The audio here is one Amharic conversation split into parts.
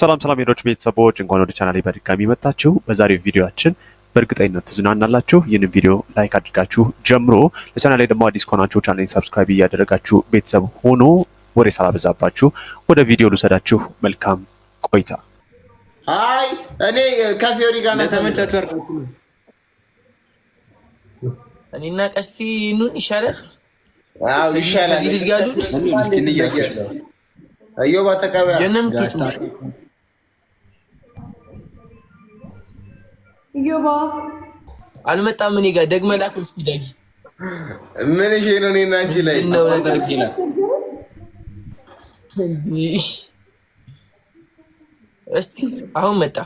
ሰላም ሰላም ሄዶች ቤተሰቦች እንኳን ወደ ቻናሌ በድጋሚ መጣችሁ። በዛሬው ቪዲዮችን በእርግጠኝነት ትዝናናላችሁ። ይህንን ቪዲዮ ላይክ አድርጋችሁ ጀምሮ ለቻናሌ ደግሞ አዲስ ከሆናችሁ ቻናሌ ሰብስክራይብ እያደረጋችሁ ቤተሰብ ሆኖ ወሬ ሳላበዛባችሁ ወደ ቪዲዮ ልውሰዳችሁ። መልካም ቆይታ። አይ እኔ ከፊዮሪ ጋር ተመቻቹ። እኔና ቀስቲ ኑን ይሻላል ይሻላል። እየው ባተቀበያ እዮባ አልመጣም። እኔ ጋር ደግመህ ላክ እስኪ ዳጊ ምን ይሄ ነው? እኔና አንቺ ላይ ነው ነገር ይላል እንዴ? እስቲ አሁን መጣ።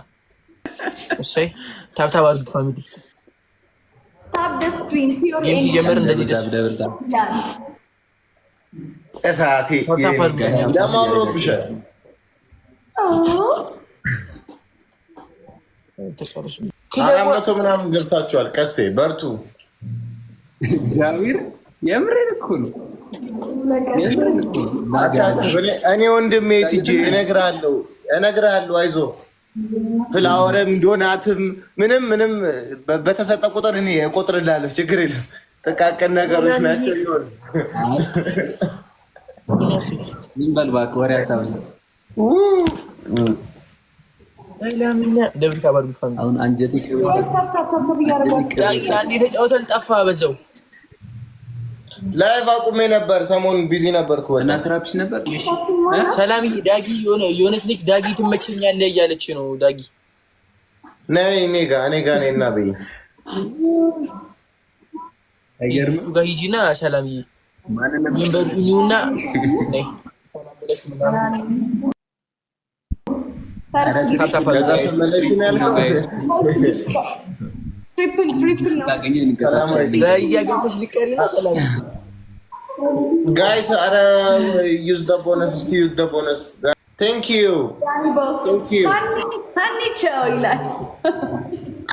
እሰይ ታብታብ አድርግ ፋሚሊ ታብ ደስክሪን ፊዮር እንደዚህ ደስ እሳቴ ለማምሮብሻል አራት መቶ ምናምን ገብታችኋል። ቀስቴ በርቱ። እግዚአብሔር የምሬን እኮ ነው። እኔ ወንድሜ ትጄ እነግርሃለሁ እነግርሃለሁ። አይዞህ ፍላወርም ዶናትም ምንም ምንም በተሰጠ ቁጥር እኔ እቆጥርልሃለሁ። ችግር የለም። ጥቃቅን ነገሮች ናቸው። ዝም በል እባክህ፣ ወሬ ጠፋ። በዛው ላይቭ አቁሜ ነበር፣ ሰሞኑን ቢዚ ነበር እና ነበር። ሰላም ዳጊ፣ የሆነች ልጅ ዳጊ ትመቸኛለህ እያለች ነው። ዳጊ ነይ እኔ ጋ እኔ ጋ ነይ እና በይ እሱ ሰላምዬ በእርግኝና እያገኝተሽ ሊቀሪ ነው። ጋይስ፣ ኧረ ዩዝ ደ ቦነስ እስቲ ዩዝ ደ ቦነስ ቴንክ ዩ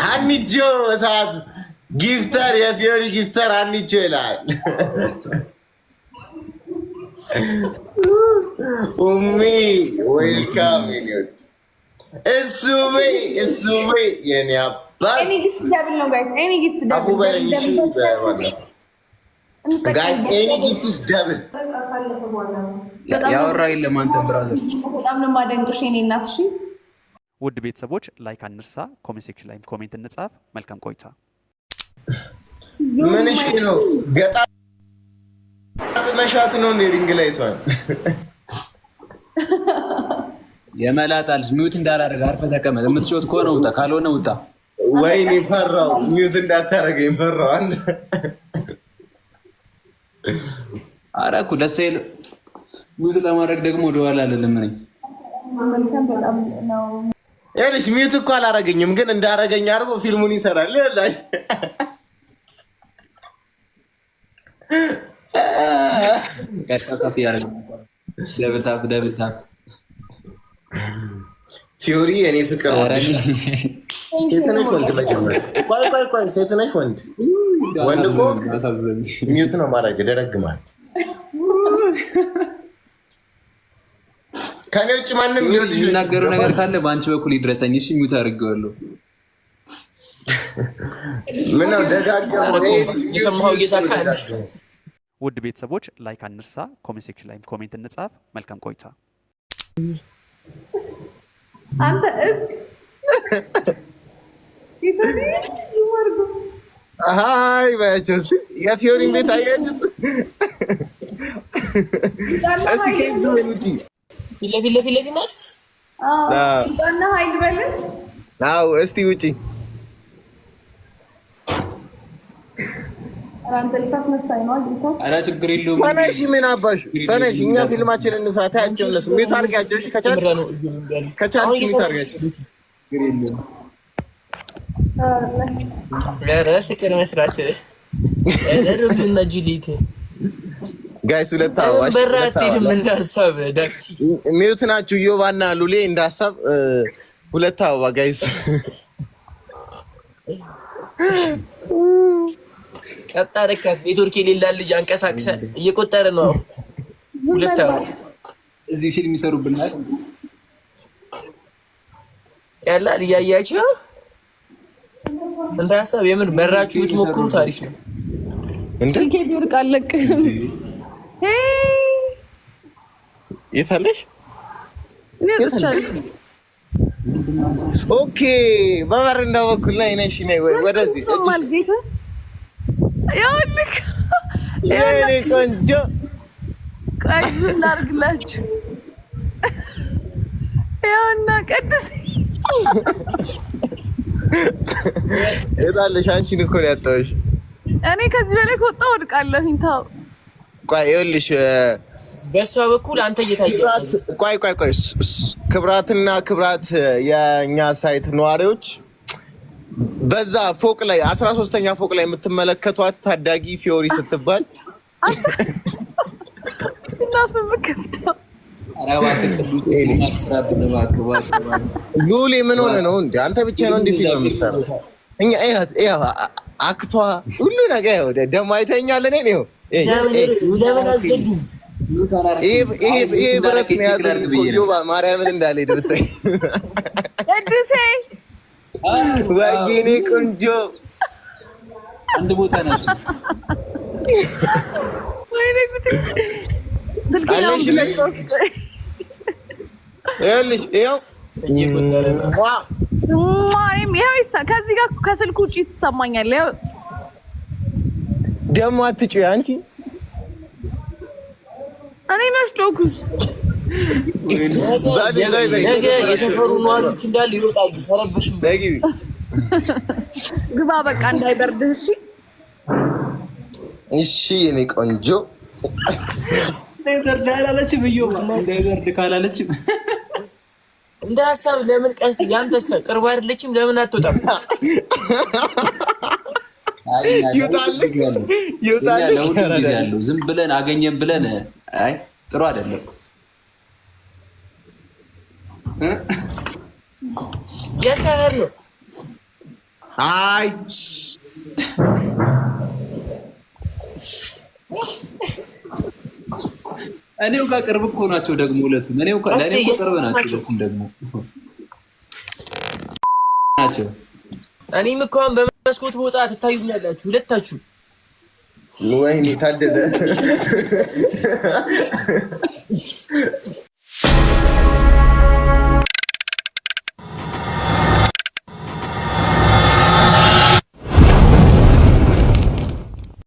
አንቺው እሳት ጊፍተር የፊዮሪ ጊፍተር አንቺው ይላል። ኡሚ ዌልካም ኒወድ እሱ እሱ የኔ አባት ጋይስ ኤኒ ጊፍትስ ደብል ያወራ የለም። አንተ ብራዘር በጣም ነው የማደንቅሽ የኔ እናት። እሺ ውድ ቤተሰቦች ላይክ አንርሳ፣ ኮሜንት ሴክሽን ላይ ኮሜንት እንጻፍ። መልካም ቆይታ። ምንሽ ነው ገጣ ገጥመሻት ነው እንዴ? ድንግላይቷን የመላጣል ሚዩት እንዳላደርግ አርፈ ተቀመጥ። የምትሾት ከሆነ ውጣ፣ ካልሆነ ውጣ። ወይኔ ፈራው፣ ሚዩት እንዳታደርገኝ ፈራው። አንድ ኧረ እኮ ደስ ይል ሚውት ለማድረግ ደግሞ ወደኋላ አይደለም ነኝ ይኸውልሽ፣ ሚውት እኮ አላረገኝም፣ ግን እንዳረገኝ አድርጎ ፊልሙን ይሰራል ይላል ቀጣጣፍ ደብታፍ ደብታፍ ፊዮሪ የኔ ፍቅር ወንድ? ቆይ ቆይ ወንድ? ወንድ እኮ ሚዩት ነው ማድረግ ከኔ ውጭ ማንም ነገር ካለ በአንቺ በኩል ይድረሰኝ። እሺ ሚዩት አድርገዋለሁ። ምነው ደጋገ የሰማው እየሳካ ውድ ቤተሰቦች ላይክ አንርሳ፣ ኮሜንት ሴክሽን ላይ ኮሜንት እንጻፍ። መልካም ቆይታ። አይ ባያቸው ስ የፊዮሪን ቤት አያችሁት? እስቲ ኬዝ ምን ለፊ ፊት ለፊት ለፊት ናት። አዎ እስቲ ውጪ ኧረ ችግር የለውም። ተነሽ፣ ምን አባሽ ተነሽ። እኛ ፊልማችን እንስራ። ታያቸው እነሱ ሚዩት አድርጊያቸው። እሺ ከቻልሽ ሚዩት አድርጊያቸው። ኧረ ፍቅር መስራት ሩብና ጁሊት ጋይስ ሁለት አበራቴድም እንደ ሀሳብ ሚዩት ናችሁ። እዮባና ሉሌ እንደ ሀሳብ ሁለት አዋ ጋይስ ቀጣ ረካት ኔትወርክ የሌላን ልጅ አንቀሳቅሰ እየቆጠረ ነው። ሁለት እዚህ ፊልም ይሰሩብናል። ቀላል እያያችሁ እንደ ሀሳብ የምን መራችሁ የትሞክሩ ታሪክ ነው። ኬትወርቅ አለቅም የት አለሽ? ኦኬ በበረንዳው በኩል ላይ ነሽ። ነይ ወደዚህ ይኸውልህ የእኔ ቆንጆ ቀዙ እናድርግላችሁ። ይኸውና እጣለሽ። አንቺን እኮ ነው ያጣሁሽ። እኔ ከዚህ በላይ ቆይ ይኸውልሽ፣ በእሷ በኩል አንተ ቆይ ቆይ ቆይ፣ ክብራትና ክብራት የእኛ ሳይት ነዋሪዎች በዛ ፎቅ ላይ አስራ ሶስተኛ ፎቅ ላይ የምትመለከቷት ታዳጊ ፊዮሪ ስትባል ሉሌ ምን ሆነ ነው እንዲ አንተ ብቻ ነው እንዲ ፊልም የምትሰራው? እኛ አክቷ ሁሉ ነገር ደሞ አይተኛል። እኔን ይኸው ይሄ ብረት ነው የያዘኝ። ማርያምን እንዳለ ብታይ ቅዱሴ ወይኔ ቆንጆ አንድ ቦታ ናቸው። ከዚህ ጋር ከስልኩ ውጭ ትሰማኛለህ። ያው ደግሞ አትጩ አንቺ እኔ ነገ የሰፈሩ ነዋሪዎች እንዳሉ ይወጣሉ። ተረበሽ ግባ፣ በቃ እንዳይበርድህ። እሺ እሺ፣ የኔ ቆንጆ እንዳይበርድ እንዳይበርድ ካላለችም እንደ ሀሳብ ለምን ቅርብ አይደለችም? ለምን አትወጣም? ዝም ብለን አገኘን ብለን አይ ጥሩ አይደለም። የሰፈር ነው። አይ እኔው ጋር ቅርብ እኮ ናቸው ደግሞ ሁለቱም። እኔው ጋር ለኔ እኮ ቅርብ ናቸው ሁለቱም ደግሞ ናቸው። እኔም እኮ አሁን በመስኮት ቦታ ትታዩኛላችሁ ሁለታችሁ። ወይኔ ታደለ